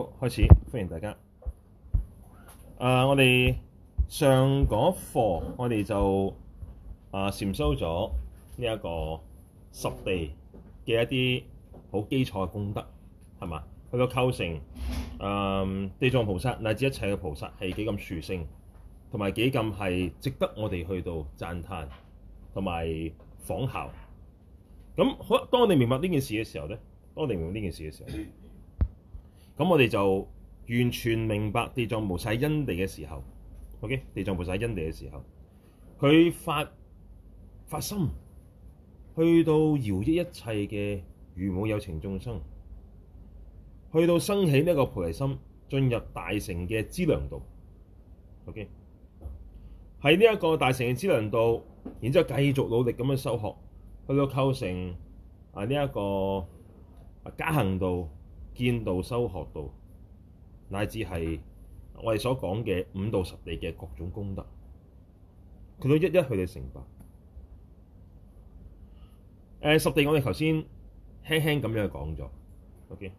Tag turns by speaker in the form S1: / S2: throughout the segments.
S1: 好，開始，歡迎大家。誒、呃，我哋上嗰課，我哋就誒禪修咗呢一個十地嘅一啲好基礎嘅功德，係嘛？佢個構成，誒、呃，地藏菩薩乃至一切嘅菩薩係幾咁殊勝，同埋幾咁係值得我哋去到讚嘆，同埋仿效。咁好，當你明白呢件事嘅時候咧，當你明白呢件事嘅時候。咁我哋就完全明白地藏菩薩因地嘅時候，OK，地藏菩薩因地嘅時候，佢發發心，去到饒益一,一切嘅如母有情眾生，去到生起呢一個菩提心，進入大乘嘅資糧道。OK，喺呢一個大乘嘅資糧道，然之後繼續努力咁樣修學，去到構成啊呢一、這個、啊、加行道。見道、修學道，乃至係我哋所講嘅五道十地嘅各種功德，佢都一一去到成佛。誒、呃，十地我哋頭先輕輕咁樣講咗，OK。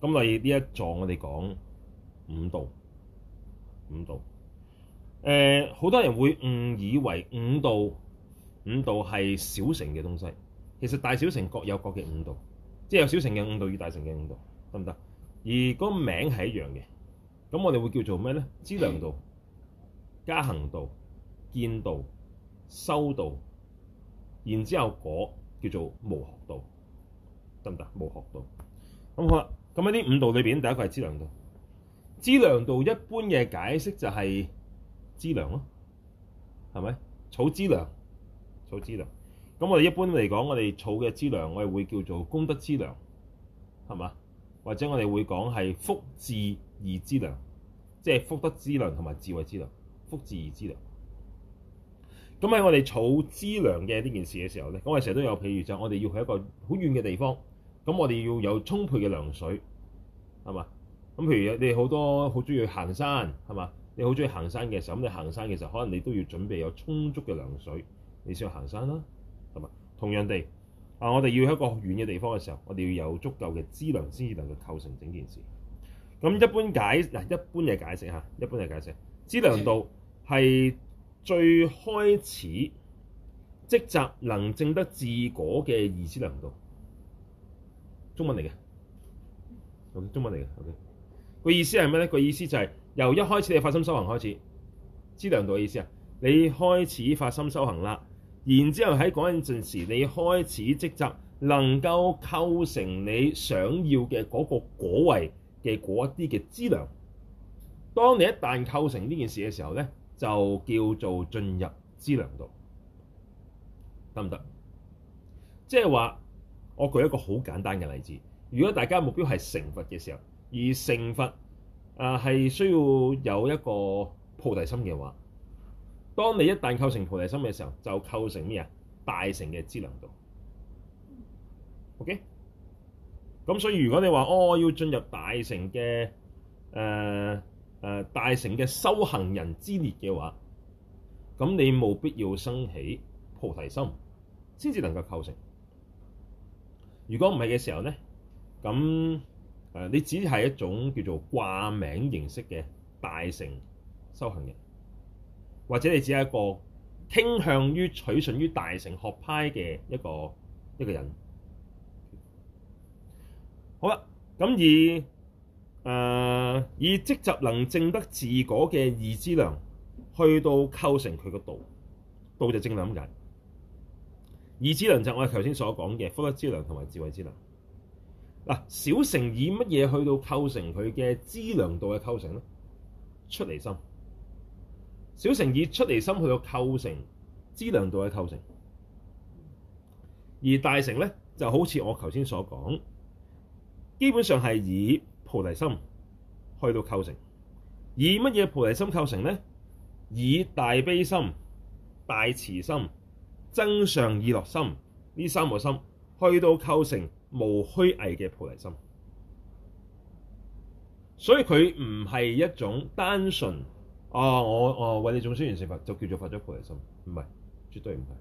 S1: 咁嚟呢一狀我哋講五道，五道。誒、呃，好多人會誤以為五道五道係小乘嘅東西，其實大小乘各有各嘅五道，即係有小乘嘅五道與大乘嘅五道。得唔得？而嗰名係一樣嘅。咁我哋會叫做咩咧？資糧道、加行道、見道、修道，然之後嗰叫做無學道，得唔得？無學道。咁好啦。咁喺呢五道裏邊，第一個係資糧道。資糧道一般嘅解釋就係資糧咯，係咪草資糧？草資糧。咁我哋一般嚟講，我哋草嘅資糧，我哋會叫做功德資糧，係嘛？或者我哋會講係福智二資糧」，即係福德資糧」同埋智慧資糧」。「福智二資糧」，咁喺我哋儲資糧嘅呢件事嘅時候咧，我哋成日都有譬如，就我哋要去一個好遠嘅地方，咁我哋要有充沛嘅糧水，係嘛？咁譬如你好多好中意行山，係嘛？你好中意行山嘅時候，咁你行山嘅時候，可能你都要準備有充足嘅糧水，你想行，行山啦，係嘛？同樣地。啊！我哋要喺一個遠嘅地方嘅時候，我哋要有足夠嘅資糧，先至能夠構成整件事。咁一般解嗱，一般嘅解釋嚇，一般嘅解釋，資糧道係最開始積集能證得自果嘅二資糧道。中文嚟嘅，用中文嚟嘅。O.K. 個意思係咩咧？個意思就係由一開始你發心修行開始，資糧道嘅意思啊，你開始發心修行啦。然之後喺嗰陣時，你開始積集，能夠構成你想要嘅嗰個果位嘅嗰一啲嘅資糧。當你一旦構成呢件事嘅時候呢，就叫做進入資糧道，得唔得？即係話，我舉一個好簡單嘅例子。如果大家目標係成佛嘅時候，而成佛啊係需要有一個菩提心嘅話。當你一旦構成菩提心嘅時候，就構成咩啊？大乘嘅資糧道，OK。咁所以如果你話哦，我要進入大乘嘅誒誒大乘嘅修行人之列嘅話，咁你冇必要升起菩提心先至能夠構成。如果唔係嘅時候咧，咁誒你只係一種叫做掛名形式嘅大乘修行人。或者你只係一個傾向於取信於大乘學派嘅一個一個人好了。好啦，咁以誒以積集能證得自果嘅二資糧去到構成佢個道，道就正諗緊。二資糧就我哋頭先所講嘅福德資糧同埋智慧資糧。嗱，小乘以乜嘢去到構成佢嘅資糧道嘅構成咧？出離心。小乘以出離心去到構成資糧道去構成，而大乘咧就好似我頭先所講，基本上係以菩提心去到構成。以乜嘢菩提心構成咧？以大悲心、大慈心、增上意樂心呢三個心去到構成無虛偽嘅菩提心。所以佢唔係一種單純。啊、哦！我哦為你眾生完成佛就叫做發咗菩提心，唔係，絕對唔係。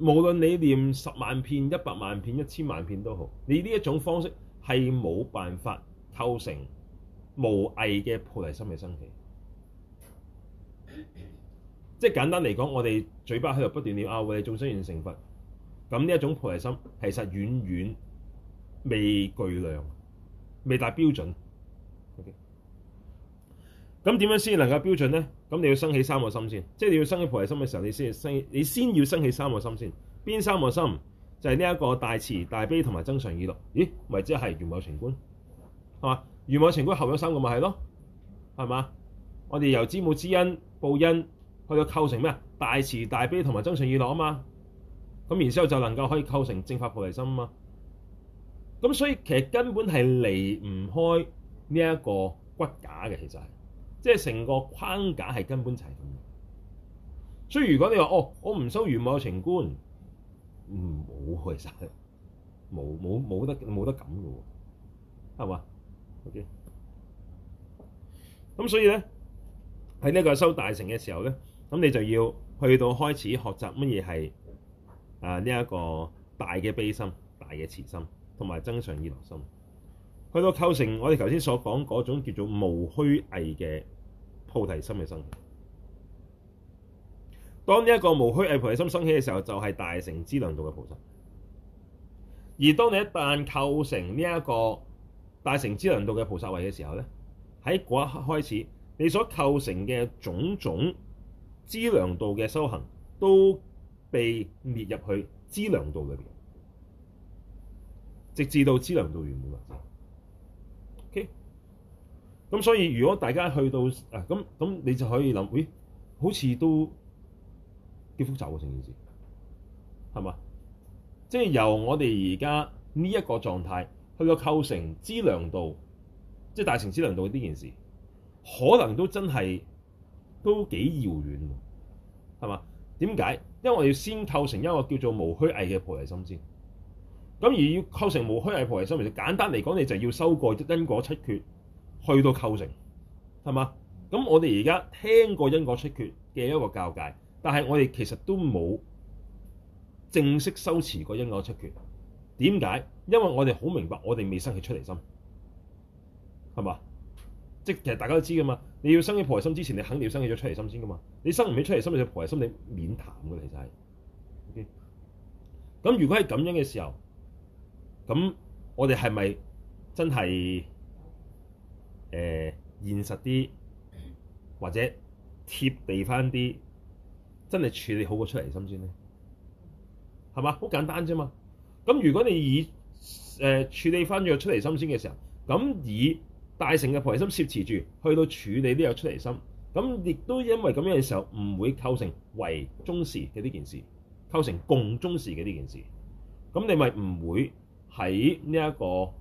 S1: 無論你念十萬遍、一百萬遍、一千萬遍都好，你呢一種方式係冇辦法構成無偽嘅菩提心嘅生起。即係簡單嚟講，我哋嘴巴喺度不斷念啊為你眾生完成佛，咁呢一種菩提心其實遠遠未具量，未達標準。咁點樣先能夠標準咧？咁你要升起三個心先，即係你要升起菩提心嘅時候，你先要先升，你先要先升起三個心先。邊三個心就係呢一個大慈大悲同埋增上意樂。咦，咪即係元滿成觀，係嘛？元滿成觀後咗三個咪係咯，係嘛？我哋由知母知恩報恩去到構成咩？大慈大悲同埋增上意樂啊嘛。咁然之後就能夠可以構成正法菩提心啊嘛。咁所以其實根本係離唔開呢一個骨架嘅，其實係。即係成個框架係根本就係咁嘅。所以如果你話哦，我唔修圓滿成觀，唔好開晒，冇冇冇得冇得咁嘅喎，係嘛？OK，咁所以咧，喺呢個修大成嘅時候咧，咁你就要去到開始學習乜嘢係啊呢一個大嘅悲心、大嘅慈心同埋增上意樂心。去到構成我哋頭先所講嗰種叫做無虛偽嘅菩提心嘅生活。當呢一個無虛偽菩提心生起嘅時候，就係、是、大乘資糧道嘅菩薩。而當你一旦構成呢一個大乘資糧道嘅菩薩位嘅時候咧，喺嗰一刻開始，你所構成嘅種種資糧道嘅修行都被滅入去資糧道裏面，直至到資糧道完滿。O.K. 咁所以如果大家去到啊咁咁，你就可以諗，咦、哎？好似都幾複雜喎，成件事係嘛？即係、就是、由我哋而家呢一個狀態去到構成資糧道，即係大乘資糧道呢件事，可能都真係都幾遙遠，係嘛？點解？因為我哋要先構成一個叫做無虛偽嘅菩提心先。咁而要構成無虛偽菩提心，其實就簡單嚟講，你就要修過因果七缺去到構成，係嘛？咁我哋而家聽過因果七缺嘅一個教界，但係我哋其實都冇正式修持過因果七缺。點解？因為我哋好明白，我哋未生起出離心係嘛？即係其實大家都知㗎嘛。你要生起菩提心之前，你肯定要生起咗出離心先㗎嘛。你生唔起出離心，就菩提心你，你嘅菩提心你免談㗎。其實係 OK。咁如果係咁樣嘅時候。咁我哋係咪真係誒、呃、現實啲，或者貼地翻啲，真係處理好個出離心先咧？係嘛，好簡單啫嘛。咁如果你以誒、呃、處理翻咗出離心先嘅時候，咁以大乘嘅菩提心攝持住去到處理呢個出離心，咁亦都因為咁樣嘅時候，唔會構成違中士嘅呢件事，構成共中士嘅呢件事。咁你咪唔會？喺呢一個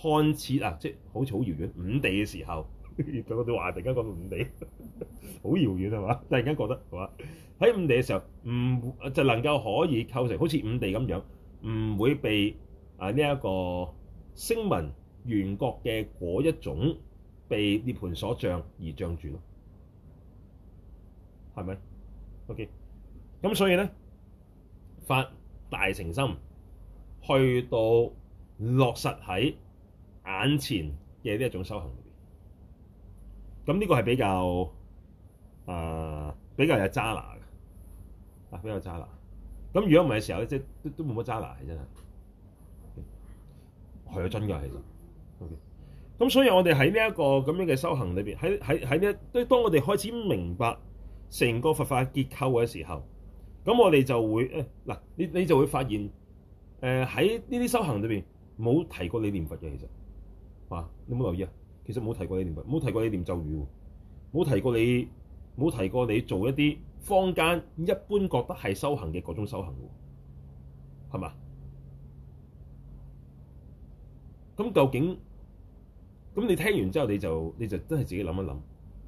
S1: 看似，啊，即係好似好遙遠五地嘅時候，咁我哋話突然間講到五地，好遙遠啊嘛，突然間覺得係嘛？喺五地嘅時候，唔就能夠可以構成好似五地咁樣，唔會被啊呢一個聲聞緣覺嘅嗰一種被涅槃所障而障住咯，係咪？OK，咁所以咧，發大誠心。去到落實喺眼前嘅呢一種修行裏邊，咁呢個係比較誒、呃、比較有渣拿嘅，啊比較渣拿。咁如果唔係嘅時候，即都都冇乜渣拿係真係，係有真㗎其實。咁、OK、所以我哋喺呢一個咁樣嘅修行裏邊，喺喺喺呢，當我哋開始明白成個佛法的結構嘅時候，咁我哋就會誒嗱，你你就會發現。誒喺呢啲修行裏邊冇提過你念佛嘅，其實係你冇留意啊？其實冇提過你念佛，冇提過你唸咒語，冇提過你冇提過你做一啲坊間一般覺得係修行嘅各種修行，係嘛？咁究竟咁你聽完之後你，你就你就真係自己諗一諗，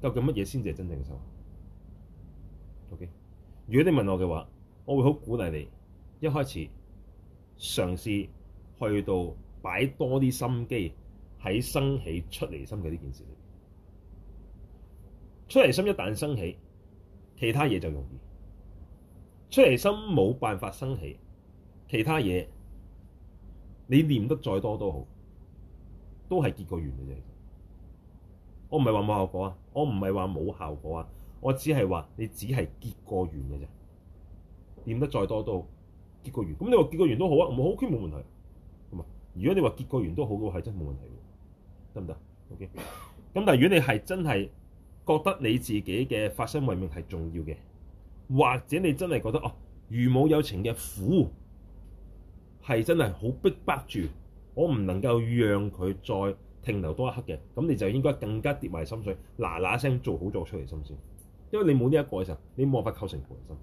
S1: 究竟乜嘢先至係真正嘅修行？OK，如果你問我嘅話，我會好鼓勵你一開始。嘗試去到擺多啲心機喺生起出離心嘅呢件事裏面，出離心一旦生起，其他嘢就容易。出離心冇辦法生起，其他嘢你念得再多都好，都係結過緣嘅啫。我唔係話冇效果啊，我唔係話冇效果啊，我只係話你只係結過緣嘅啫，念得再多都。結個緣，咁你話結個緣都好啊，冇好結冇問題，係嘛？如果你話結個緣都好嘅話，係真係冇問題，得唔得？OK，咁但係如果你係真係覺得你自己嘅發心為命係重要嘅，或者你真係覺得哦、啊，如母有情嘅苦係真係好逼迫住，我唔能夠讓佢再停留多一刻嘅，咁你就應該更加跌埋心水，嗱嗱聲做好咗出嚟心先，因為你冇呢一個嘅時候，你無法構成菩提心。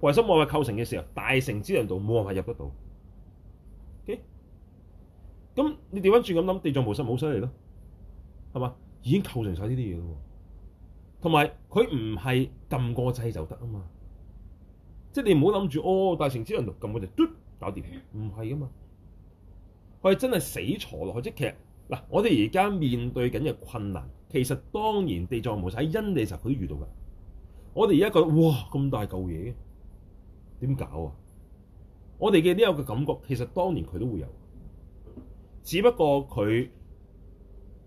S1: 菩提心冇嘅構成嘅時候，大乘資糧道冇辦法入得到。咁、okay? 你調翻轉咁諗，地藏菩薩好犀利咯，係嘛？已經構成晒呢啲嘢嘅喎，同埋佢唔係撳個掣就得啊嘛。即係你唔好諗住哦，大乘資糧道撳個掣，嘟搞掂，唔係啊嘛。佢係真係死坐落去。即係嗱，我哋而家面對緊嘅困難，其實當然地藏菩薩喺因地時候佢都遇到㗎。我哋而家覺得哇，咁大嚿嘢點搞啊？我哋嘅呢個嘅感覺，其實當年佢都會有，只不過佢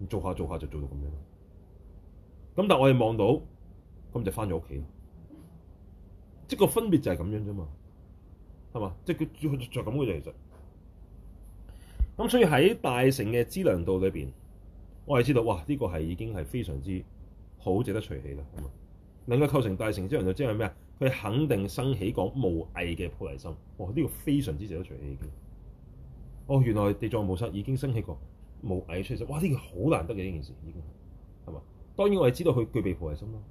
S1: 做下做下就做到咁樣。咁但係我哋望到，咁就返咗屋企啦。即個分別就係咁樣啫嘛，係嘛？即佢就咁嘅樣，其實咁所以喺大乘嘅資糧道裏邊，我哋知道哇！呢、這個係已經係非常之好，值得隨喜啦。咁啊，能夠構成大乘之後，就即係咩啊？佢肯定生起過無偽嘅菩提心。哇！呢個非常之值得出氣嘅。哦，原來地藏菩薩已經生起過無偽出嚟先。哇！呢件好難得嘅呢件事，已經係嘛？當然我係知道佢具備菩提心咯。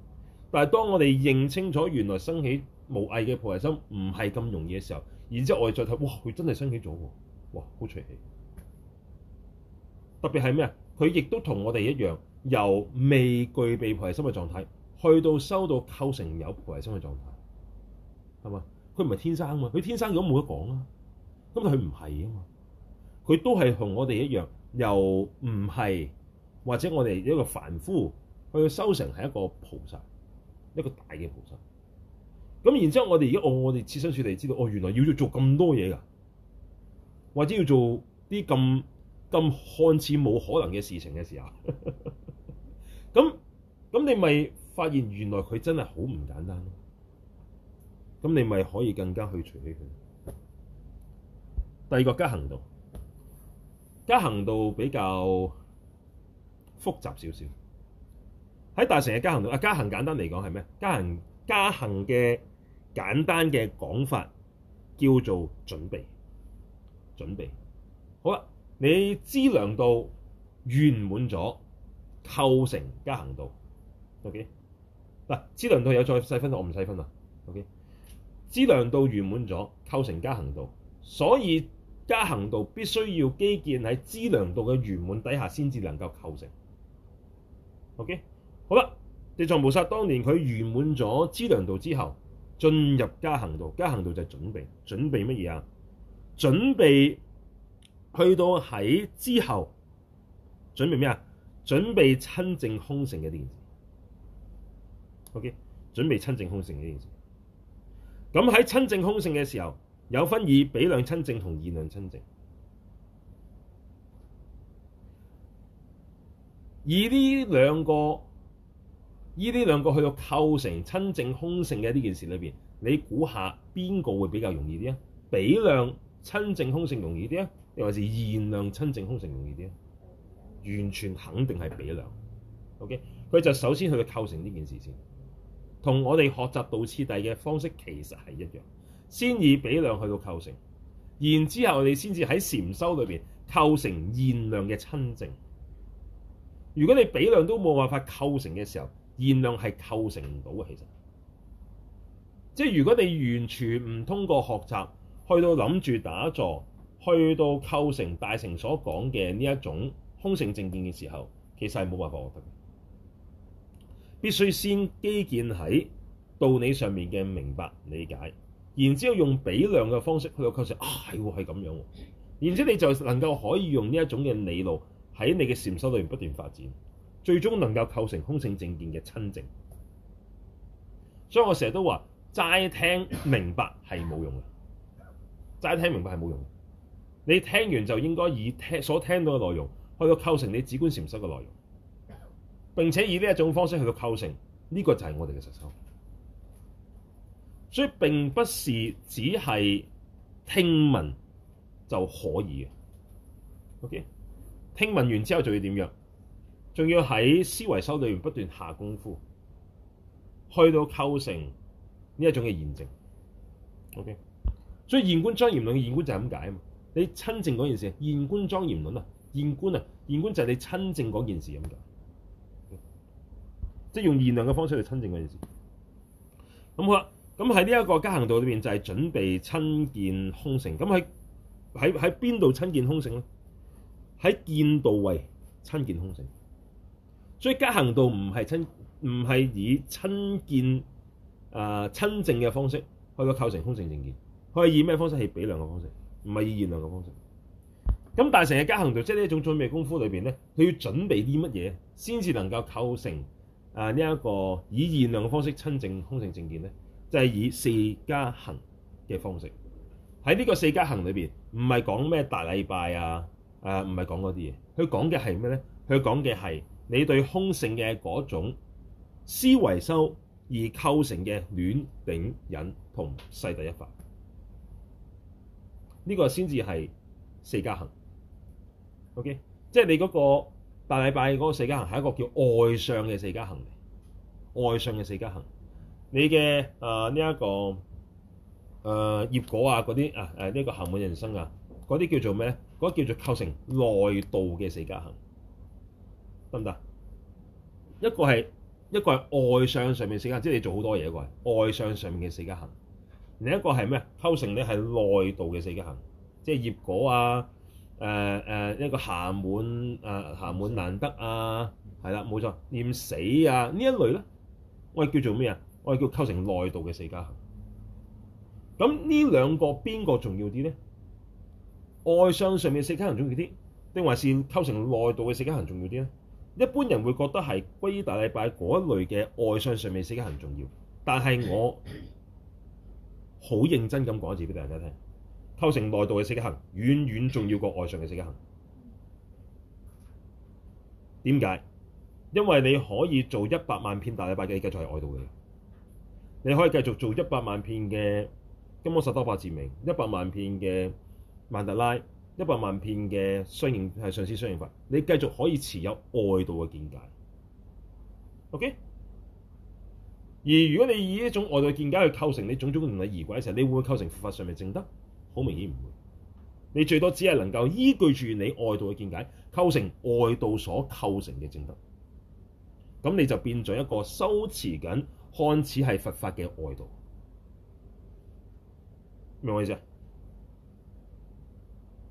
S1: 但係當我哋認清楚原來生起無偽嘅菩提心唔係咁容易嘅時候，然之後我哋再睇，哇！佢真係生起咗喎。哇！好出氣。特別係咩啊？佢亦都同我哋一樣，由未具備菩提心嘅狀態，去到收到構成有菩提心嘅狀態。係嘛？佢唔係天生嘛？佢天生咁冇得講啦，啊，咁佢唔係啊嘛！佢都係同我哋一樣，又唔係或者我哋一個凡夫，佢嘅修成係一個菩薩，一個大嘅菩薩。咁然之後我，我哋而家哦，我哋設身處地知道哦，原來要做咁多嘢㗎，或者要做啲咁咁看似冇可能嘅事情嘅時候，咁 咁你咪發現原來佢真係好唔簡單。咁你咪可以更加去除呢？佢第二個加行道，加行道比較複雜少少。喺大乘嘅加行道，啊加行簡單嚟講係咩？加行加行嘅簡單嘅講法叫做準備，準備。好啦，你資糧道圓滿咗，構成加行道。OK 嗱，資糧道有再細分，我唔細分啦。OK。資糧道圓滿咗，構成加行道。所以加行道必須要基建喺資糧道嘅圓滿底下先至能夠構成。OK，好啦，地藏菩薩當年佢圓滿咗資糧道之後，進入加行道。加行道就係準備，準備乜嘢啊？準備去到喺之後，準備咩啊？準備親證空性嘅呢件事。OK，準備親證空性嘅呢件事。咁喺親證空性嘅時候，有分以比量親證同現量親證，以呢兩個，以呢兩個去到構成親證空性嘅呢件事裏面，你估下邊個會比較容易啲啊？比量親證空性容易啲啊，定還是現量親證空性容易啲啊？完全肯定係比量。OK，佢就首先去到構成呢件事先。同我哋學習道次第嘅方式其實係一樣，先以比量去到構成，然之後你先至喺禪修裏面構成現量嘅親證。如果你比量都冇辦法構成嘅時候，現量係構成唔到嘅。其實，即係如果你完全唔通過學習，去到諗住打坐，去到構成大成所講嘅呢一種空性證見嘅時候，其實係冇辦法獲得。必須先基建喺道理上面嘅明白理解，然之後用比量嘅方式去到構成，啊，係喎，係咁樣喎，然之後你就能夠可以用呢一種嘅理路喺你嘅禪修裏面不斷發展，最終能夠構成空性證見嘅親證。所以我成日都話齋聽明白係冇用嘅，齋聽明白係冇用的。你聽完就應該以聽所聽到嘅內容去到構成你止觀禪修嘅內容。並且以呢一種方式去到構成，呢個就係我哋嘅實修。所以並不是只係聽聞就可以嘅。OK，聽聞完之後仲要點樣？仲要喺思維修裏面不斷下功夫，去到構成呢一種嘅現證。OK，所以現觀莊嚴論嘅現觀就係咁解啊嘛。你親證嗰件事，現觀莊嚴論啊，現觀啊，現觀就係你親證嗰件事咁解。即係用現量嘅方式嚟親證嗰件事，咁好啦。咁喺呢一個加行道裏邊就係準備親見空性。咁喺喺喺邊度親見空性？咧？喺見道位親見空性。所以加行道唔係親唔係以親見啊、呃、親證嘅方式去到構成空性證件，佢係以咩方式去，比量嘅方式，唔係以現量嘅方式。咁但大乘嘅加行道，即係呢一種準備功夫裏邊咧，佢要準備啲乜嘢先至能夠構成？啊！呢、這、一個以現量嘅方式親證空性證見，咧，就係、是、以四加行嘅方式。喺呢個四加行裏邊，唔係講咩大禮拜啊，誒唔係講嗰啲嘢。佢講嘅係咩咧？佢講嘅係你對空性嘅嗰種思維修而構成嘅暖、頂、忍同世第一法。呢、這個先至係四加行。OK，即係你嗰、那個。大禮拜嗰四加行係一個叫外上嘅四加行嚟，上嘅四加行，你嘅誒呢一個誒葉、呃、果啊嗰啲啊誒呢、啊這個行福人生啊嗰啲叫做咩咧？嗰啲叫做構成內道嘅四加行，得唔得？一個係一個係外向上面四加，即係你做好多嘢嗰個，外向上面嘅四加行。另一個係咩？構成你係內道嘅四加行，即係葉果啊。誒誒、呃呃、一個暇滿誒暇、呃、滿難得啊，係啦的，冇錯，念死啊呢一類咧，我哋叫做咩啊？我哋叫構成內道嘅四加行。咁呢兩個邊個重要啲咧？外相上，上面四加行重要啲，定還是構成內道嘅四加行重要啲咧？一般人會覺得係歸依大禮拜嗰一類嘅外相上面四加行重要，但係我好認真咁講一次俾大家聽。構成內道嘅色一行，遠遠重要過外上嘅色一行。點解？因為你可以做一百萬片大禮拜嘅，你繼續係外道嘅。你可以繼續做一百萬片嘅金剛薩埵百字明，一百萬片嘅曼特拉，一百萬片嘅相應係上師相應法。你繼續可以持有外道嘅見解。O.K. 而如果你以一種外道嘅見解去構成你種種同你疑鬼嘅時候，你會唔會構成佛法上面證德？好明顯唔會，你最多只係能夠依據住你外道嘅見解，構成外道所構成嘅正道，咁你就變咗一個修持緊看似係佛法嘅外道，明我意思啊？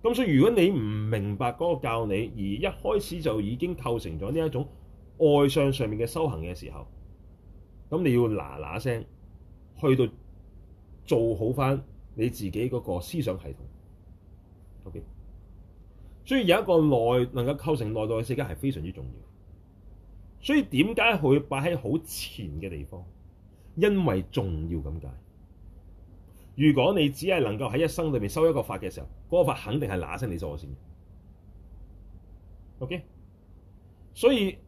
S1: 咁所以如果你唔明白嗰個教理，而一開始就已經構成咗呢一種外相上，上面嘅修行嘅時候，咁你要嗱嗱聲去到做好返。你自己嗰個思想系統，OK，所以有一個內能夠構成內在嘅世界係非常之重要。所以點解佢擺喺好前嘅地方？因為重要咁解。如果你只係能夠喺一生裏面修一個法嘅時候，嗰個法肯定係嗱嗱聲你收我先嘅。OK，所以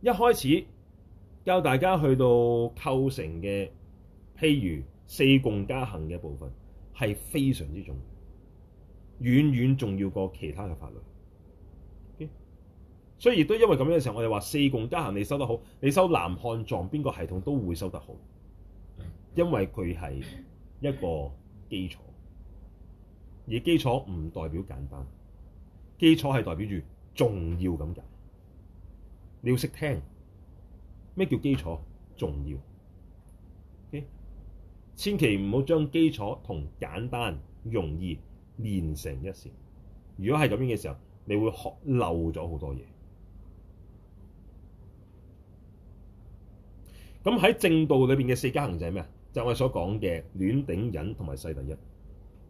S1: 一開始教大家去到構成嘅，譬如四共加行嘅部分。係非常之重要，遠遠重要過其他嘅法律。OK? 所以亦都因為咁樣嘅時候，我哋話四共加行，你收得好，你收南漢藏，邊個系統都會收得好，因為佢係一個基礎。而基礎唔代表簡單，基礎係代表住重要咁解。你要識聽咩叫基礎重要？千祈唔好將基礎同簡單容易連成一線。如果係咁樣嘅時候，你會學漏咗好多嘢。咁喺正道裏面嘅四加行就係咩啊？就係、我哋所講嘅暖頂忍同埋世第一。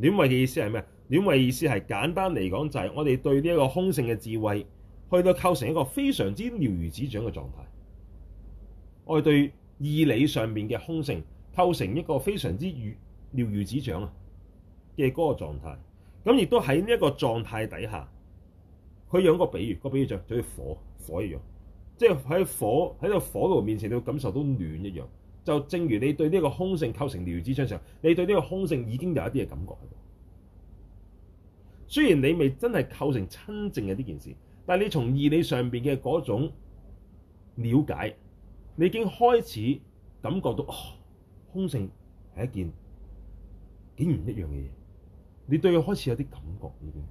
S1: 暖位嘅意思係咩啊？暖位意思係簡單嚟講就係我哋對呢一個空性嘅智慧，去到構成一個非常之了如指掌嘅狀態。我哋對義理上面嘅空性，構成一個非常之魚了如指掌啊嘅嗰個狀態，咁亦都喺呢一個狀態底下，佢用個比喻，嗰個比喻就好似火火一樣，即係喺火喺個火爐面前，你會感受到暖一樣。就正如你對呢個空性構成了如指掌上，你對呢個空性已經有一啲嘅感覺。雖然你未真係構成親證嘅呢件事，但係你從義理上邊嘅嗰種瞭解，你已經開始感覺到空性係一件幾唔一樣嘅嘢，你對佢開始有啲感覺已經。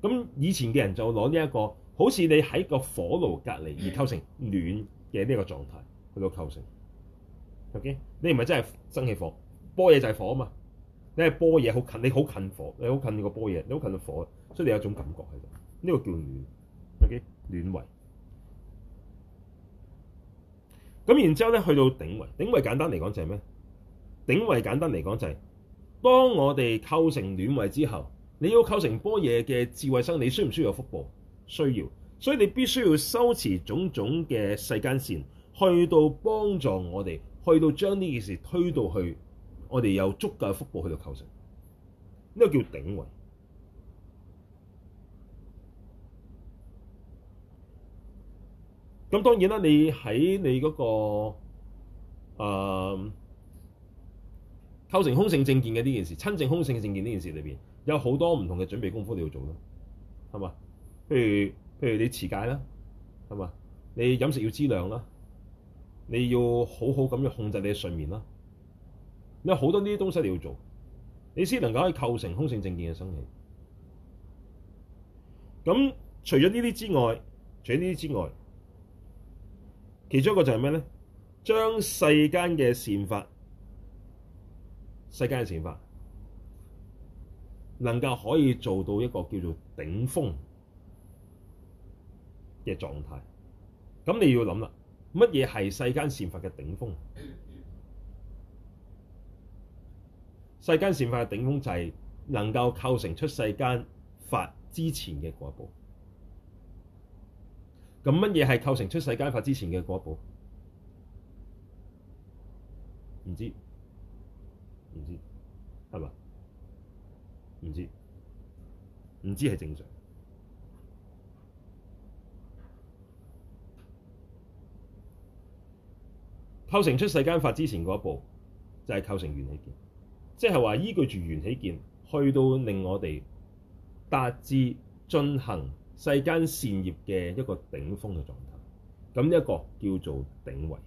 S1: 咁以前嘅人就攞呢一個，好似你喺個火爐隔籬而構成暖嘅呢個狀態去到構成，OK？你唔係真係蒸汽火，波嘢就係火啊嘛！你係波嘢好近，你好近火，你好近呢個波嘢，你好近個火，所以你有一種感覺喺度，呢個叫暖，OK？暖位。咁然之後咧，去到頂位，頂位簡單嚟講就係咩？頂位簡單嚟講就係，當我哋構成暖位之後，你要構成般若嘅智慧生，你需唔需要有福報？需要，所以你必須要修持種種嘅世間善，去到幫助我哋，去到將呢件事推到去，我哋有足夠嘅福報去到構成，呢、這個叫頂位。咁當然啦，你喺你嗰、那個、呃構成空性正見嘅呢件事，親證空性正見呢件事裏邊，有好多唔同嘅準備功夫你要做咯，係嘛？譬如譬如你持戒啦，係嘛？你飲食要知量啦，你要好好咁樣控制你嘅睡眠啦，因為好多呢啲東西你要做，你先能夠可以構成空性正見嘅生起。咁除咗呢啲之外，除咗呢啲之外，其中一個就係咩咧？將世間嘅善法。世間嘅善法能夠可以做到一個叫做頂峰嘅狀態，咁你要諗啦，乜嘢係世間善法嘅頂峰？世間善法嘅頂峰就係能夠構成出世間法之前嘅嗰一步。咁乜嘢係構成出世間法之前嘅嗰一步？唔知。唔知，係嘛？唔知，唔知係正常。構成出世間法之前嗰一步，就係、是、構成緣起見，即係話依據住緣起見，去到令我哋達至進行世間善業嘅一個頂峰嘅狀態。咁呢一個叫做頂位。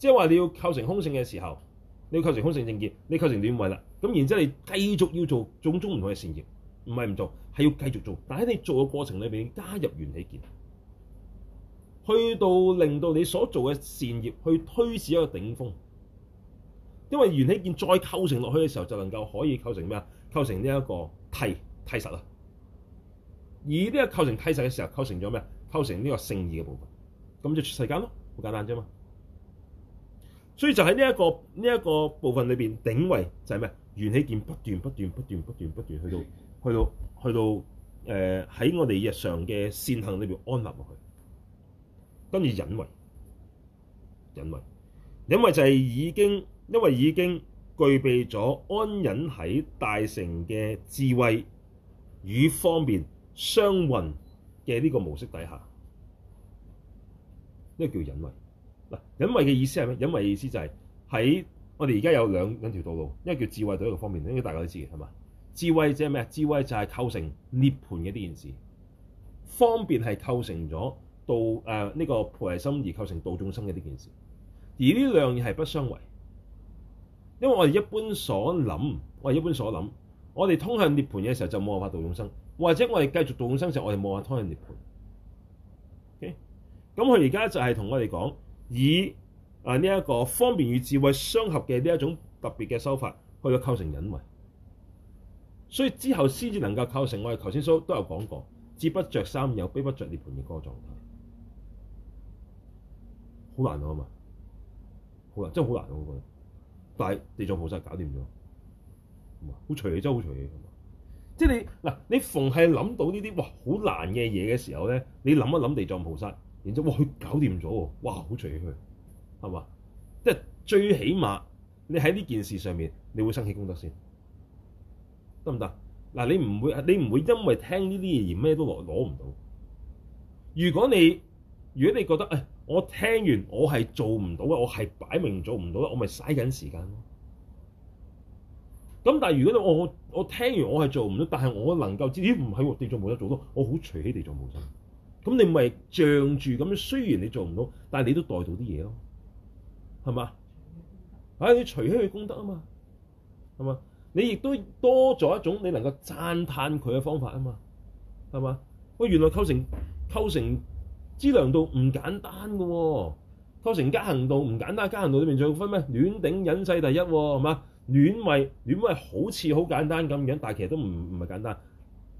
S1: 即係話你要構成空性嘅時候，你要構成空性正見，你構成暖位啦。咁然之後你繼續要做種種唔同嘅善業，唔係唔做，係要繼續做。但喺你做嘅過程裏邊加入緣起見，去到令到你所做嘅善業去推至一個頂峰。因為緣起見再構成落去嘅時候，就能夠可以構成咩啊？構成呢、這、一個梯梯實啊。而呢個構成梯實嘅時候，構成咗咩啊？構成呢個勝義嘅部分。咁就出世間咯，好簡單啫嘛。所以就喺呢一個呢一個部分裏邊，頂位就係咩？元氣電不斷不斷不斷不斷不斷去到去到去到，誒喺我哋日常嘅善行裏邊安立落去，跟住忍位忍位忍位忍位就係已經，因為已經具備咗安忍喺大乘嘅智慧與方便雙運嘅呢個模式底下，呢個叫忍位。嗱，雙運嘅意思係咩？雙運意思就係喺我哋而家有兩兩條道路，一個叫智慧度，一個方便，應該大家都知嘅係嘛？智慧即係咩？智慧就係構成涅槃嘅呢件事，方便係構成咗度誒呢、呃這個菩提心而構成度眾生嘅呢件事，而呢兩嘢係不相違，因為我哋一般所諗，我哋一般所諗，我哋通向涅槃嘅時候就冇辦法度眾生，或者我哋繼續度眾生時候，我哋冇法通向涅槃。咁佢而家就係同我哋講。以啊呢一個方便與智慧相合嘅呢一種特別嘅修法去到構成忍位，所以之後先至能夠構成我哋頭先都有講過，智不着三有，悲不着涅槃嘅嗰個狀態，好難啊嘛，好難真係好難啊！我覺得，但係地藏菩薩搞掂咗，好嘛，好隨意真係好隨意，即係你嗱、啊、你逢係諗到呢啲哇好難嘅嘢嘅時候咧，你諗一諗地藏菩薩。然之後，哇，佢搞掂咗喎！哇，好隨喜佢，係嘛？即係最起碼，你喺呢件事上面，你會生起功德先，得唔得？嗱，你唔會，你唔會因為聽呢啲嘢而咩都攞攞唔到。如果你如果你覺得，誒，我聽完我係做唔到嘅，我係擺明做唔到，我咪嘥緊時間咯。咁但係如果你我我聽完我係做唔到，但係我能夠知，咦？唔係地藏王有做到，我好隨喜地藏王。咁你咪仗住咁樣，雖然你做唔到，但你都代到啲嘢咯，係嘛？唉、啊，你除起佢功德啊嘛，係嘛？你亦都多咗一種你能夠讚嘆佢嘅方法啊嘛，係嘛？喂，原來構成構成資糧道唔簡單㗎喎、啊，構成加行道唔簡單，加行道裏面仲要分咩？暖、頂、忍、世第一喎、啊，係嘛？暖位暖位好似好簡單咁樣，但其實都唔唔係簡單。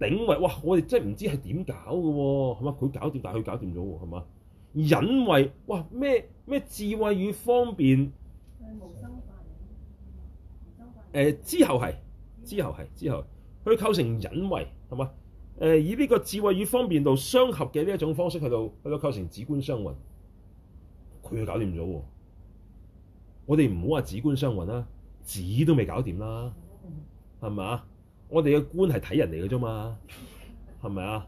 S1: 頂位哇！我哋真係唔知係點搞嘅喎，係嘛？佢搞掂，但係佢搞掂咗喎，係嘛？忍位哇！咩咩智慧與方便誒、呃、之後係之後係之後係，佢構成忍位係嘛？誒、呃、以呢個智慧與方便度相合嘅呢一種方式去到去到構成止觀雙運，佢又搞掂咗喎！我哋唔好話止觀雙運啦，止都未搞掂啦，係嘛？我哋嘅官係睇人嚟嘅啫嘛，係咪啊？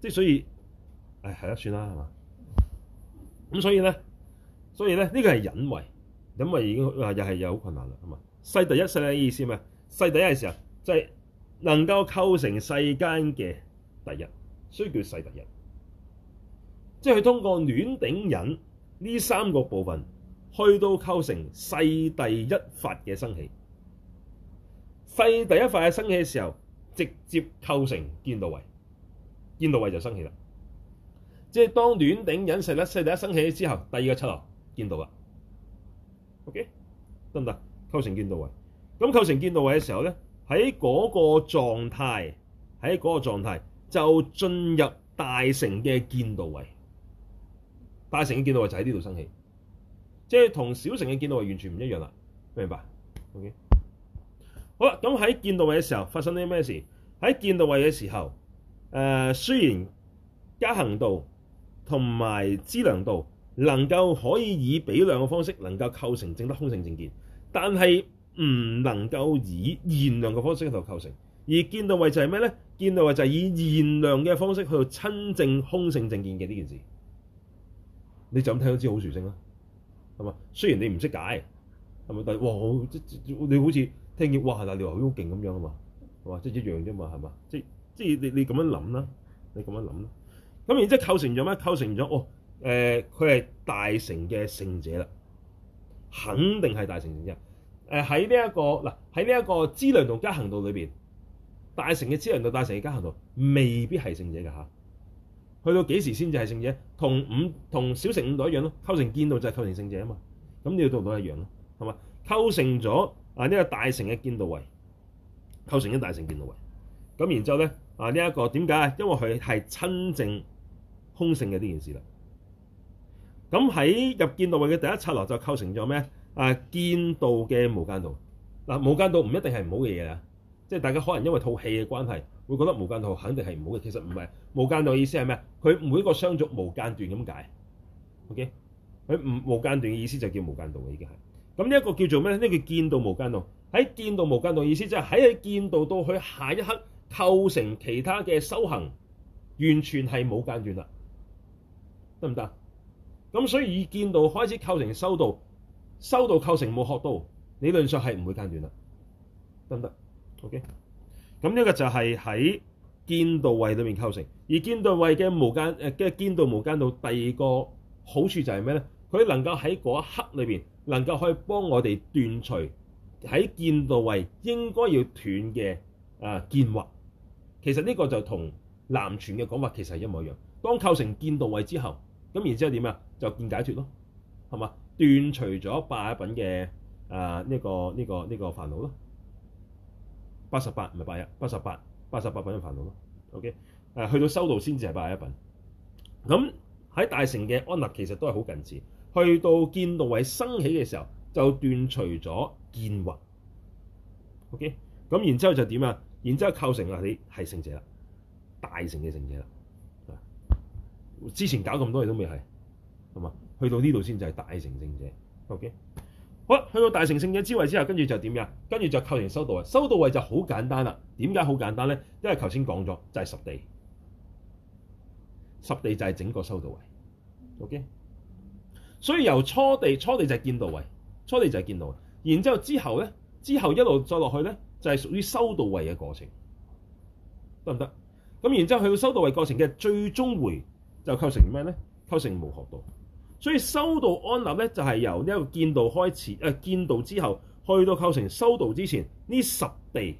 S1: 即係所以，誒係啦，算啦，係嘛？咁所以咧，所以咧，呢個係忍位，忍位已經又係有困難啦，係嘛？世第一，世嘅意思咩？世第一嘅時候就係能夠構成世間嘅第一，所以叫世第一。即係佢通過暖頂忍呢三個部分。去到構成世第一法嘅生起，世第一法嘅生起嘅時候，直接構成見道位，見道位就生起啦。即係當暖頂忍世咧，世第一生起之後，第二個出咯，見道啦。O K，得唔得？構成見道位，咁構成見道位嘅時候咧，喺嗰個狀態，喺嗰個狀態就進入大乘嘅見道位。大乘嘅見道位就喺呢度生起。即係同小乘嘅見道位完全唔一樣啦，明白？o、okay? k 好啦，咁喺見道位嘅時候發生啲咩事？喺見道位嘅時候，誒、呃、雖然加行道同埋資糧道能夠可以以比量嘅方式能夠構成證得空性正見，但係唔能夠以現量嘅方式去度構成。而見道位就係咩咧？見道位就係以現量嘅方式去到親證空性正見嘅呢件事。你就咁聽都知好殊勝啦～係嘛？雖然你唔識解，係咪？但係哇，即你好似聽見哇，你話好勁咁樣啊嘛，係嘛？即一樣啫嘛，係嘛？即即你你咁樣諗啦，你咁樣諗啦。咁然之後構成咗咩？構成咗哦，誒、呃，佢係大成嘅聖者啦，肯定係大成聖者。誒、這個，喺呢一個嗱，喺呢一個資糧道加行道裏邊，大成嘅資糧道、大成嘅加行道，未必係聖者噶吓。去到幾時先至係聖者？同五同小乘五道一樣咯，構成見道就係構成聖者啊嘛。咁呢度都係一樣咯，係嘛？構成咗啊呢個大乘嘅見道位，構成咗大乘見道位。咁然之後咧，啊呢一、呢個點解？因為佢係親證空性嘅呢件事啦。咁喺入見道位嘅第一剎那就構成咗咩？啊見道嘅無間道。嗱、啊、無間道唔一定係唔好嘅嘢啊，即係大家可能因為套戲嘅關係。佢覺得無間道肯定係唔好嘅，其實唔係，無間道嘅意思係咩？佢每一個相續無間斷咁解，OK？佢唔無間斷嘅意思就叫無間道嘅，已經係咁呢一個叫做咩咧？呢、這個、叫見道無間道。喺見道無間道嘅意思就係喺佢見道到佢下一刻構成其他嘅修行，完全係無間斷啦，得唔得？咁所以以見道開始構成修道，修道構成無學道」理論，理論上係唔會間斷啦，得唔得？OK？咁呢個個就係喺見道位裏面構成，而見道位嘅無間，誒嘅見道無間道，第二個好處就係咩咧？佢能夠喺嗰一刻裏邊，能夠可以幫我哋斷除喺見道位應該要斷嘅啊見惑。其實呢個就同南傳嘅講法其實係一模一樣。當構成見道位之後，咁然之後點啊？就見解脫咯，係嘛？斷除咗八十一品嘅啊呢個呢個呢個煩惱咯。八十八，唔係八一，八十八八十八品煩惱咯。OK，誒去到修道先至係八一品。咁喺大乘嘅安立其實都係好近似，去到見道位生起嘅時候就斷除咗見惑。OK，咁然之後就點啊？然之後構成，嗱，你係聖者啦，大乘嘅聖者啦。之前搞咁多嘢都未係，咁啊，去到呢度先就係大乘聖者。OK。好，去到大乘聖者之位之後，跟住就點樣？跟住就構成修道位，修道位就好簡單啦。點解好簡單咧？因為頭先講咗，就係、是、十地，十地就係整個修道位。OK，所以由初地，初地就係見道位，初地就係見道位。然之後之後咧，之後一路再落去咧，就係、是、屬於修道位嘅過程，得唔得？咁然之後去到修道位過程嘅最終回，就構成咩咧？構成無學道。所以修道安立咧，就係由呢一個見道開始，誒見道之後去到構成修道之前呢十地。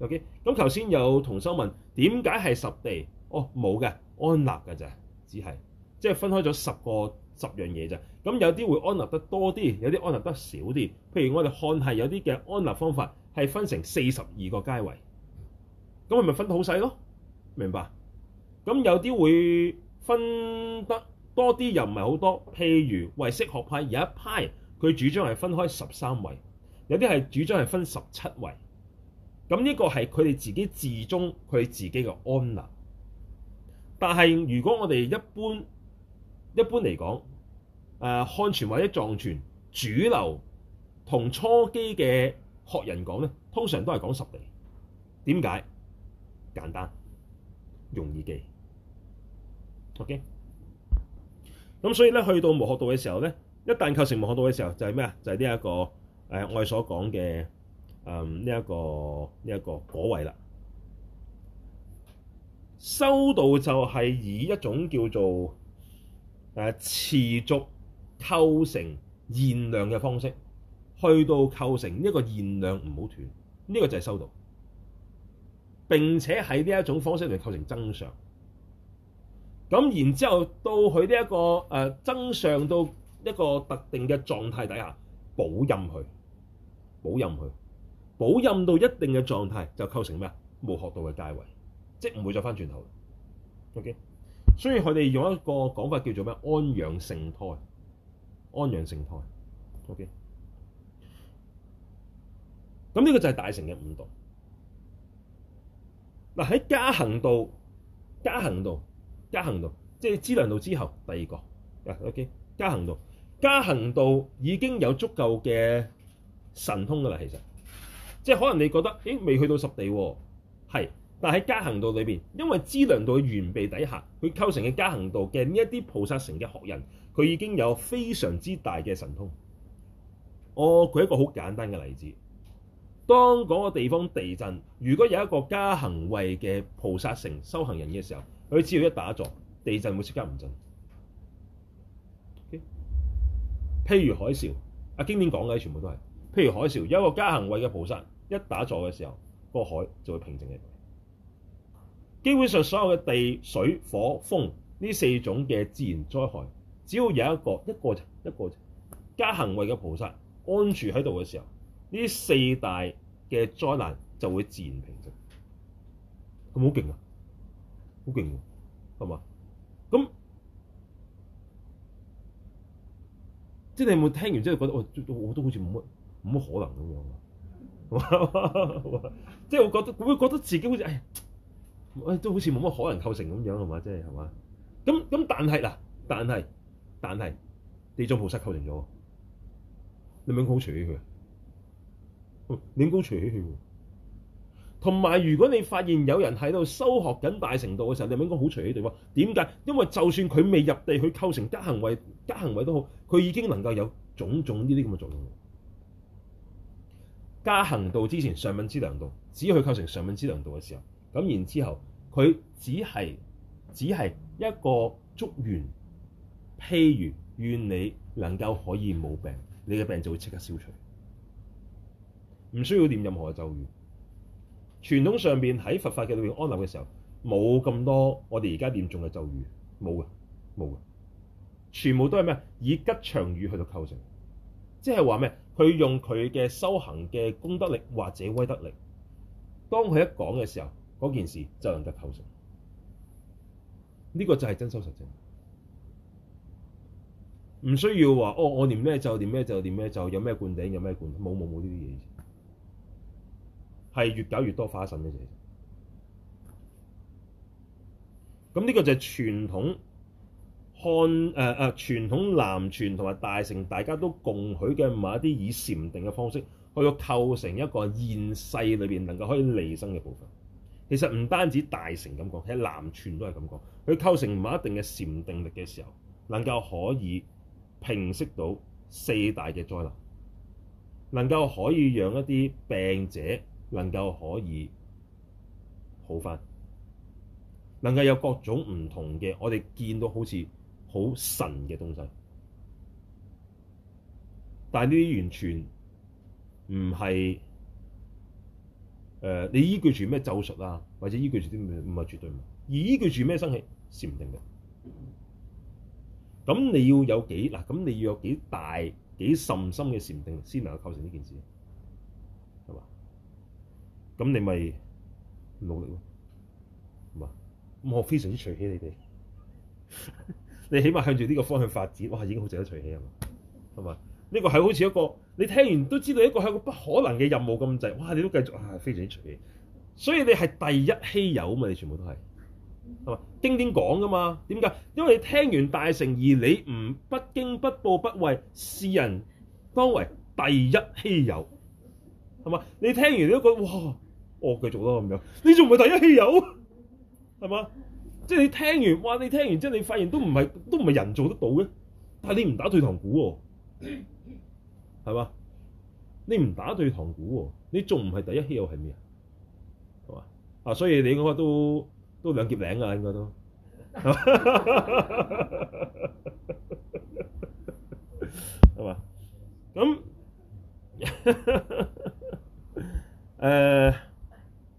S1: O.K. 咁頭先有同修問點解係十地？哦，冇嘅安立㗎啫，只係即係分開咗十個十樣嘢啫。咁有啲會安立得多啲，有啲安立得少啲。譬如我哋看係有啲嘅安立方法係分成四十二個階位，咁係咪分得好細咯？明白？咁有啲會分得。多啲又唔係好多，譬如唯識學派有一派佢主張係分開十三位，有啲係主張係分十七位。咁呢個係佢哋自己自宗佢自己嘅安立。但係如果我哋一般一般嚟講，誒漢傳或者藏傳主流同初基嘅學人講咧，通常都係講十地。點解？簡單，容易記。OK。咁所以咧，去到無學道嘅時候咧，一旦構成無學道嘅時候，就係咩啊？就係呢一個誒、呃，我哋所講嘅誒呢一個呢一、這個果位啦。修道就係以一種叫做誒、呃、持續構成現量嘅方式，去到構成呢一個現量唔好斷，呢、這個就係修道。並且喺呢一種方式嚟構成增上。咁然之後到佢呢一個誒、呃、增上到一個特定嘅狀態底下，保任佢，保任佢，保任到一定嘅狀態就構成咩啊？無學道嘅階位，即唔會再返轉頭。OK，所以佢哋用一個講法叫做咩？安養聖胎，安養聖胎。OK，咁呢個就係大乘嘅五道。嗱，喺加行道，加行道。加行道，即係資糧道之後，第二個啊。O K，加行道，加行道已經有足夠嘅神通㗎啦。其實即係可能你覺得，咦？未去到十地喎，哦，係。但係喺加行道裏面，因為資糧道嘅原備底下，佢構成嘅加行道嘅呢一啲菩薩城嘅學人，佢已經有非常之大嘅神通。我舉一個好簡單嘅例子：當嗰個地方地震，如果有一個加行位嘅菩薩城修行人嘅時候。佢只要一打坐，地震會即刻唔震、OK? 譬啊。譬如海嘯啊經典講嘅全部都係。譬如海嘯有一個加行位嘅菩薩一打坐嘅時候，個海就會平靜嘅。基本上所有嘅地、水、火、風呢四種嘅自然災害，只要有一個一個就一個就加行位嘅菩薩安住喺度嘅時候，呢四大嘅災難就會自然平靜。咁好勁啊！好勁喎，係嘛？咁即係你有冇聽完之後覺得，我都好似冇乜冇乜可能咁樣 即我覺得，會覺得自己好似誒，誒都好似冇乜可能構成咁樣係嘛？即係係嘛？咁咁但係嗱，但係但係地藏菩薩構成咗，你唔應該好隨佢、哦？你唔應該好隨佢？同埋，如果你發現有人喺度修學緊大乘道嘅時候，你咪應該好隨意地話：「點解？因為就算佢未入地，去構成加行位、加行位都好，佢已經能夠有種種呢啲咁嘅作用。加行道之前，上品資糧道，只要佢構成上品資糧道嘅時候，咁然後之後，佢只係只係一個祝願，譬如願你能夠可以冇病，你嘅病就會即刻消除，唔需要念任何嘅咒語。傳統上邊喺佛法嘅裏邊安立嘅時候，冇咁多我哋而家念誦嘅咒語，冇嘅，冇嘅，全部都係咩？以吉祥語去到構成，即係話咩？佢用佢嘅修行嘅功德力或者威德力，當佢一講嘅時候，嗰件事就能夠構成。呢個就係真修實證，唔需要話哦，我念咩咒、念咩咒、念咩咒、有咩灌頂、有咩灌，冇冇冇呢啲嘢。係越搞越多花神嘅啫。咁呢個就係傳統漢誒誒傳統南傳同埋大乘大家都共許嘅，某一啲以禪定嘅方式去到構成一個現世裏邊能夠可以利生嘅部分其不。其實唔單止大乘咁講，喺南傳都係咁講。佢構成唔一定嘅禪定力嘅時候，能夠可以平息到四大嘅災難，能夠可以讓一啲病者。能夠可以好翻，能夠有各種唔同嘅，我哋見到好似好神嘅東西，但係呢啲完全唔係誒，你依據住咩咒術啊，或者依據住啲唔係絕對唔係，而依據住咩生氣禪定嘅，咁你要有幾嗱，咁你要有幾大幾甚深嘅禪定力先能夠構成呢件事。咁你咪努力咯，係嘛？咁我非常之隨喜你哋， 你起碼向住呢個方向發展，哇！已經好值得隨喜啊嘛，係嘛？呢 個係好似一個你聽完都知道一個係一個不可能嘅任務咁滯，哇！你都繼續啊，非常之隨喜。所以你係第一稀有啊嘛，你全部都係，係嘛？經典講㗎嘛，點解？因為你聽完《大乘》而你唔不驚不怖不畏，是人當為第一稀有，係嘛？你聽完你都覺得哇！我、哦、繼續咯咁樣，你仲唔係第一稀有？係嘛？即係你聽完，哇！你聽完之後你發現都唔係，都唔係人做得到嘅。但係你唔打退堂鼓喎、哦，係嘛？你唔打退堂鼓喎、哦，你仲唔係第一稀有係咩啊？係嘛？啊，所以你應該都都兩劫領啊，應該都係嘛？咁，誒。 那 呃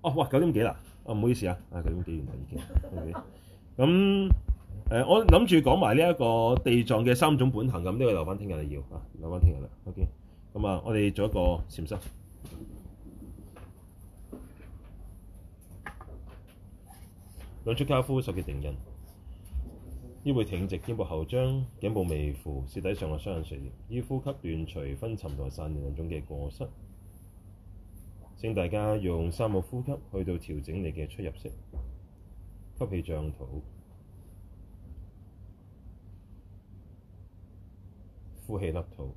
S1: 哦，哇，九點幾啦？啊，唔好意思啊，啊，九點幾完啦已經，OK。咁、嗯、誒、呃，我諗住講埋呢一個地藏嘅三種本行咁，呢、嗯呢個留翻聽日你要啊，留翻聽日啦，OK。咁、嗯、啊、嗯，我哋做一個禪修，兩足跏趺受嘅定印，腰背挺直，肩部後張，頸部微俯，舌底上牙雙眼垂，依呼吸斷除分沉和散念兩種嘅過失。請大家用三個呼吸去到調整你嘅出入息，吸氣漲肚，呼氣甩肚，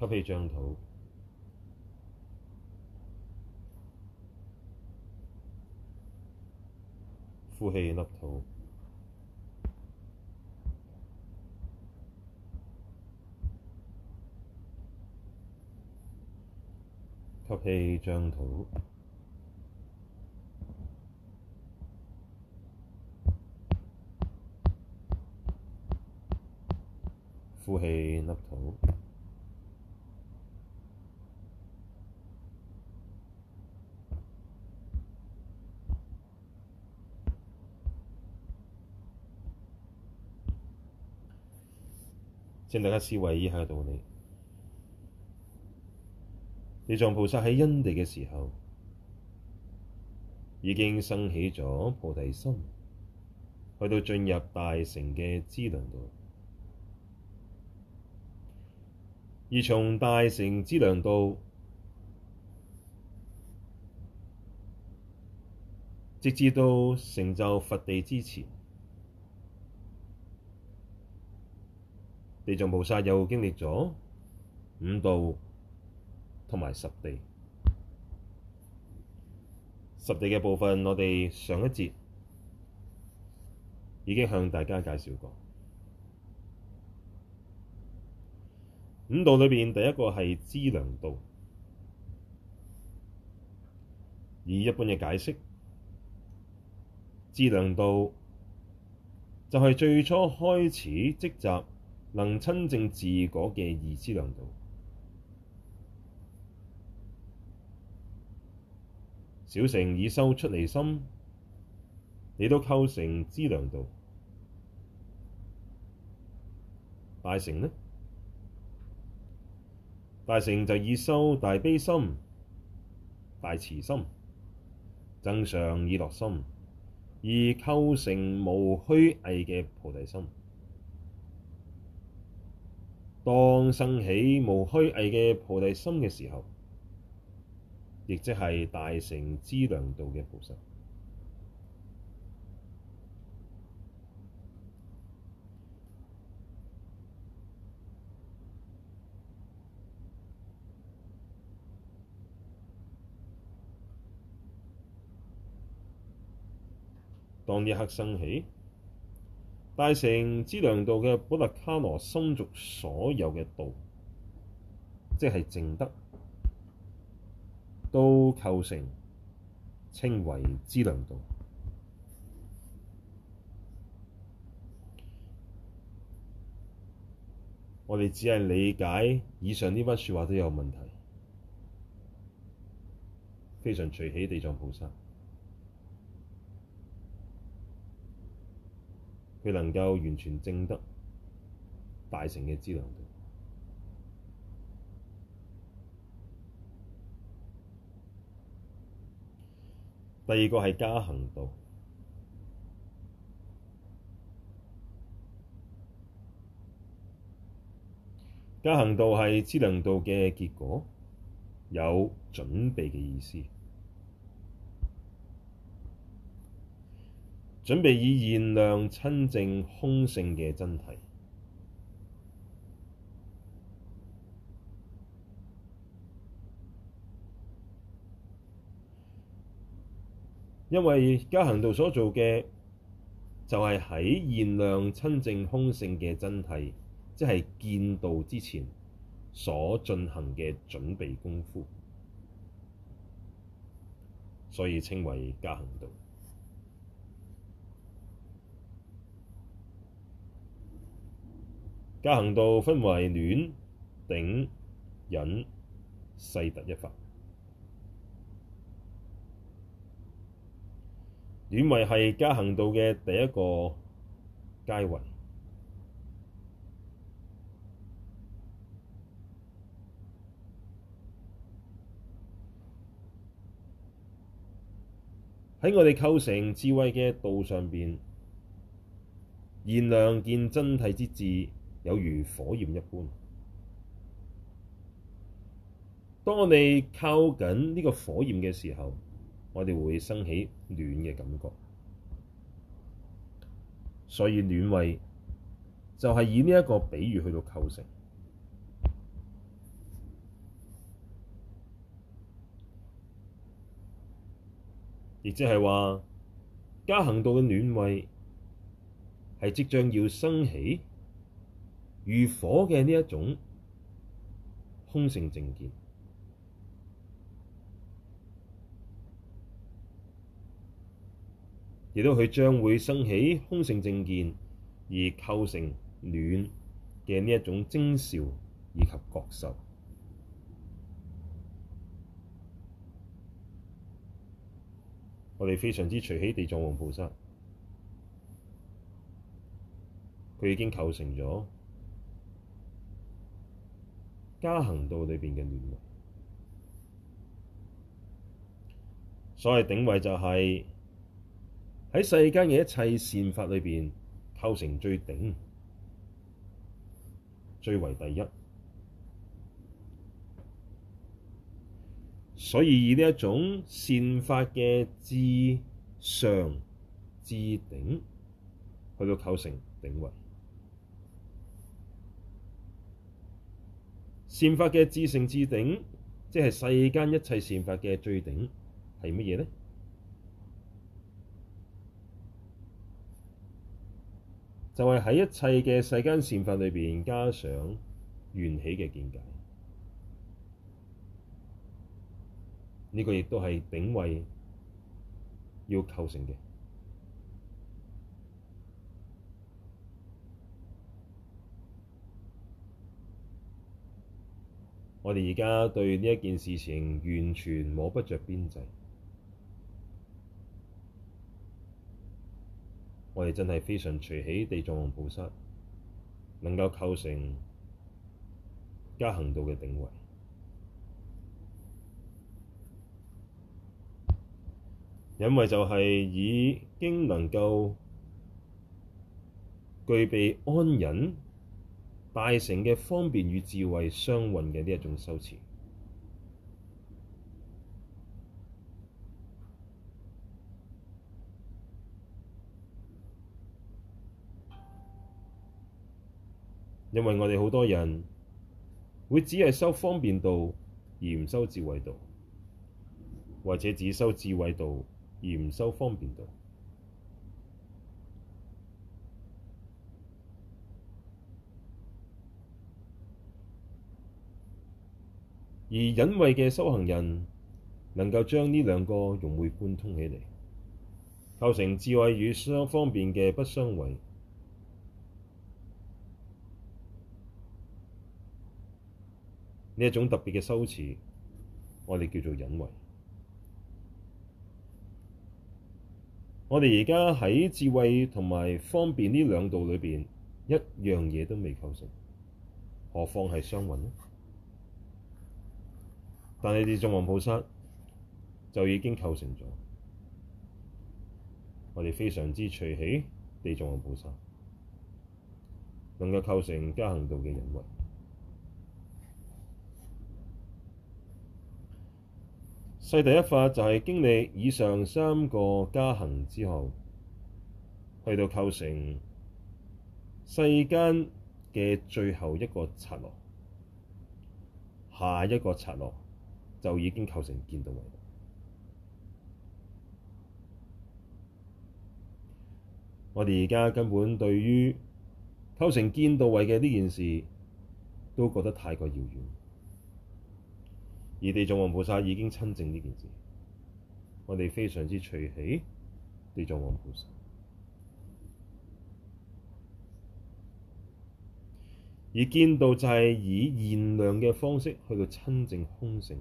S1: 吸氣漲肚。呼氣，凹肚；吸氣，脹肚；呼氣，凹肚。請大家思維以下道理：地藏菩薩喺因地嘅時候已經生起咗菩提心，去到進入大乘嘅資糧道。而從大乘資糧道直至到成就佛地之前。地藏菩薩又經歷咗五道同埋十地。十地嘅部分，我哋上一節已經向大家介紹過。五道裏邊第一個係資糧道，以一般嘅解釋，資糧道就係最初開始積集。能親證自果嘅二資糧道。小乘以修出離心，你都構成資糧道；大乘呢？大乘就以修大悲心、大慈心、增上意樂心，而構成無虛偽嘅菩提心。當生起無虛偽嘅菩提心嘅時候，亦即係大乘資糧道嘅菩薩。當一刻生起。大乘資糧道嘅補特伽羅心續所有嘅道，即係正德，都構成稱為資糧道。我哋只係理解以上呢番説話都有問題，非常隨喜地藏菩薩。佢能夠完全證得大乘嘅資糧道。第二個係加行道，加行道係資糧道嘅結果，有準備嘅意思。準備以現量親證空性嘅真諦，因為加行道所做嘅就係、是、喺現量親證空性嘅真諦，即係見道之前所進行嘅準備功夫，所以稱為加行道。加行道分為暖、頂、忍、世第一法。暖位係加行道嘅第一個階位。喺我哋構成智慧嘅道上邊，現量見真諦之智。有如火焰一般。當我哋靠緊呢個火焰嘅時候，我哋會生起暖嘅感覺。所以暖位就係以呢一個比喻去到構成，亦即係話加行道嘅暖位係即將要生起如火嘅呢一種空性正見，亦都佢將會升起空性正見，而構成暖嘅呢一種徵兆以及覺受。我哋非常之隨喜地藏王菩薩，佢已經構成咗。加行道裏邊嘅暖位，所謂頂位就係喺世間嘅一切善法裏邊構成最頂、最為第一，所以以呢一種善法嘅至上至頂去到構成頂位。善法嘅至勝至頂，即係世間一切善法嘅最頂，係乜嘢呢？就係、是、喺一切嘅世間善法裏邊加上緣起嘅見解，呢、這個亦都係頂位要構成嘅。我哋而家對呢一件事情完全摸不着邊際。我哋真係非常隨喜地藏王菩薩能夠構成加行道嘅頂位，因為就係已經能夠具備安忍大乘嘅方便與智慧雙運嘅呢一種修持，因為我哋好多人會只係修方便度，而唔修智慧度；或者只修智慧度，而唔修方便度。而隱慧嘅修行人能夠將呢兩個融會貫通起嚟，構成智慧與雙方便嘅不相違呢一種特別嘅修持，我哋叫做隱慧。我哋而家喺智慧同埋方便呢兩度裏邊，一樣嘢都未構成，何況係雙運呢？但係地藏王菩薩就已經構成咗，我哋非常之隨喜地藏王菩薩能夠構成加行道嘅人物。世第一法就係經歷以上三個加行之後，去到構成世間嘅最後一個剎那，下一個剎那。就已經構成見道位。我哋而家根本對於構成見道位嘅呢件事都覺得太過遙遠，而地藏王菩薩已經親證呢件事，我哋非常之隨喜地藏王菩薩。而見道就係以現量嘅方式去到親證空性。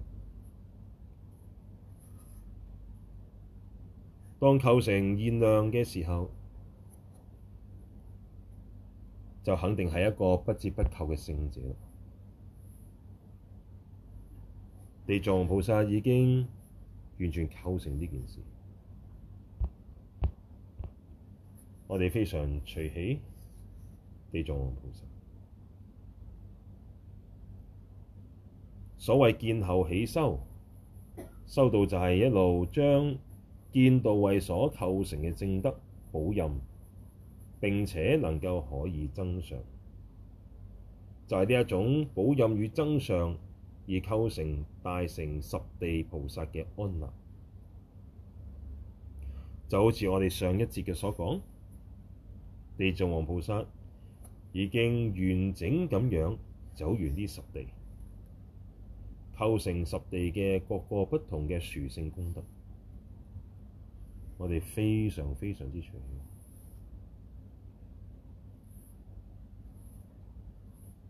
S1: 當構成現量嘅時候，就肯定係一個不折不扣嘅聖者。地藏王菩薩已經完全構成呢件事，我哋非常隨喜地藏王菩薩。所謂見後起修，修道就係一路將見道位所構成嘅正德保任，並且能夠可以增上，就係、是、呢一種保任與增上而構成大乘十地菩薩嘅安樂。就好似我哋上一節嘅所講，地藏王菩薩已經完整咁樣走完呢十地，構成十地嘅各個不同嘅殊勝功德。我哋非常非常之長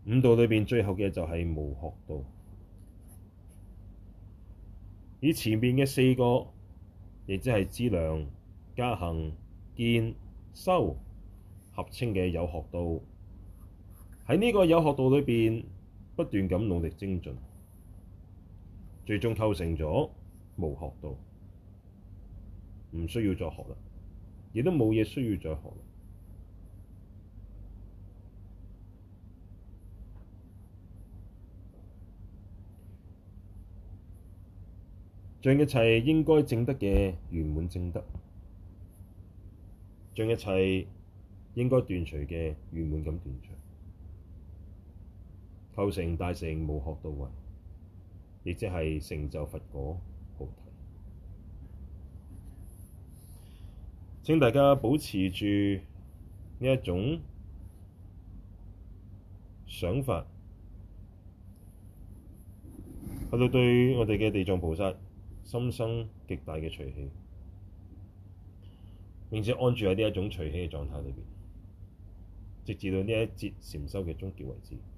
S1: 遠。五道裏邊最後嘅就係無學道，以前面嘅四個，亦即係資糧、加行、見、修，合稱嘅有學道。喺呢個有學道裏邊，不斷咁努力精進，最終構成咗無學道。唔需要再學啦，亦都冇嘢需要再學。將一切應該證得嘅圓滿證得，將一切應該斷除嘅圓滿咁斷除，構成大乘無學道位，亦即係成就佛果。請大家保持住呢一種想法，去到對我哋嘅地藏菩薩心生極大嘅隨喜，並且安住喺呢一種隨喜嘅狀態裏邊，直至到呢一節禪修嘅終結為止。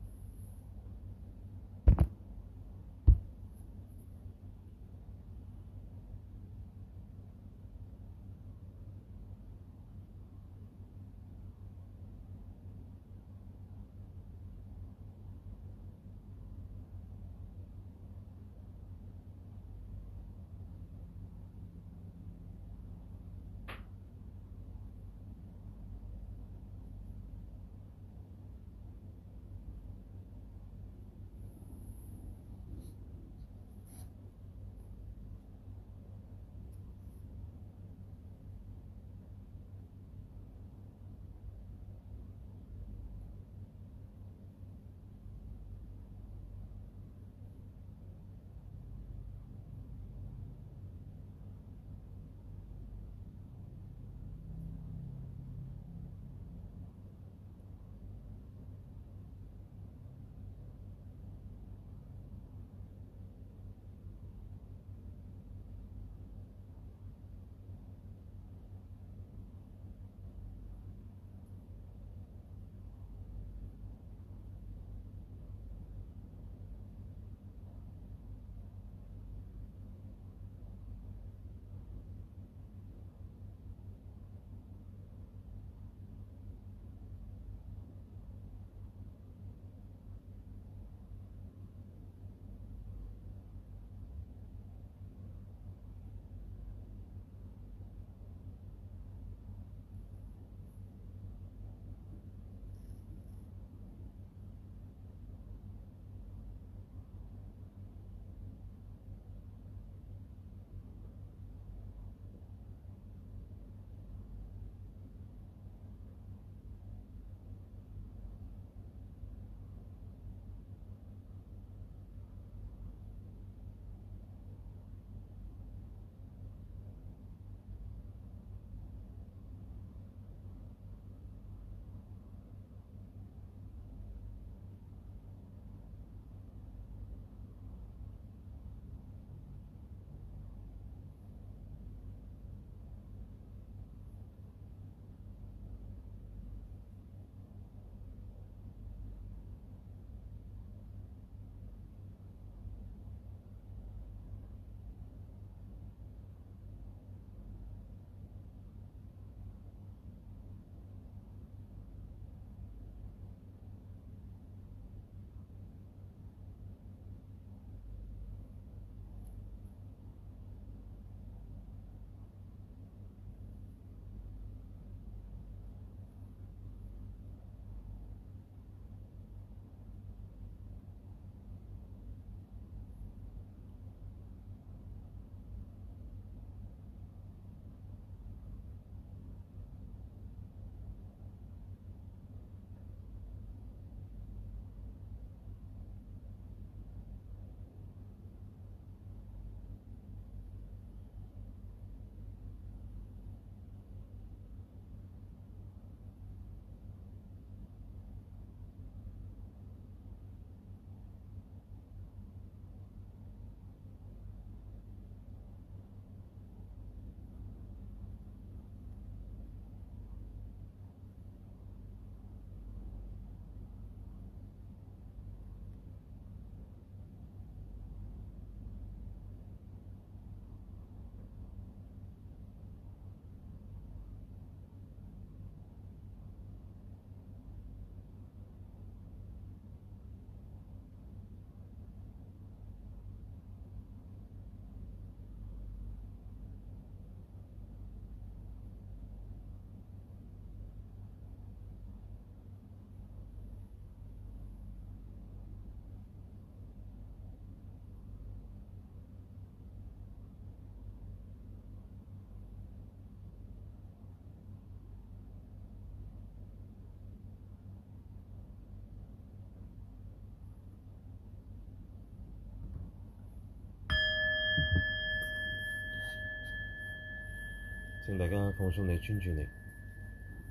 S1: 請大家放鬆你專注力，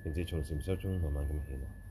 S1: 迎接從善修中慢慢哋起來。來。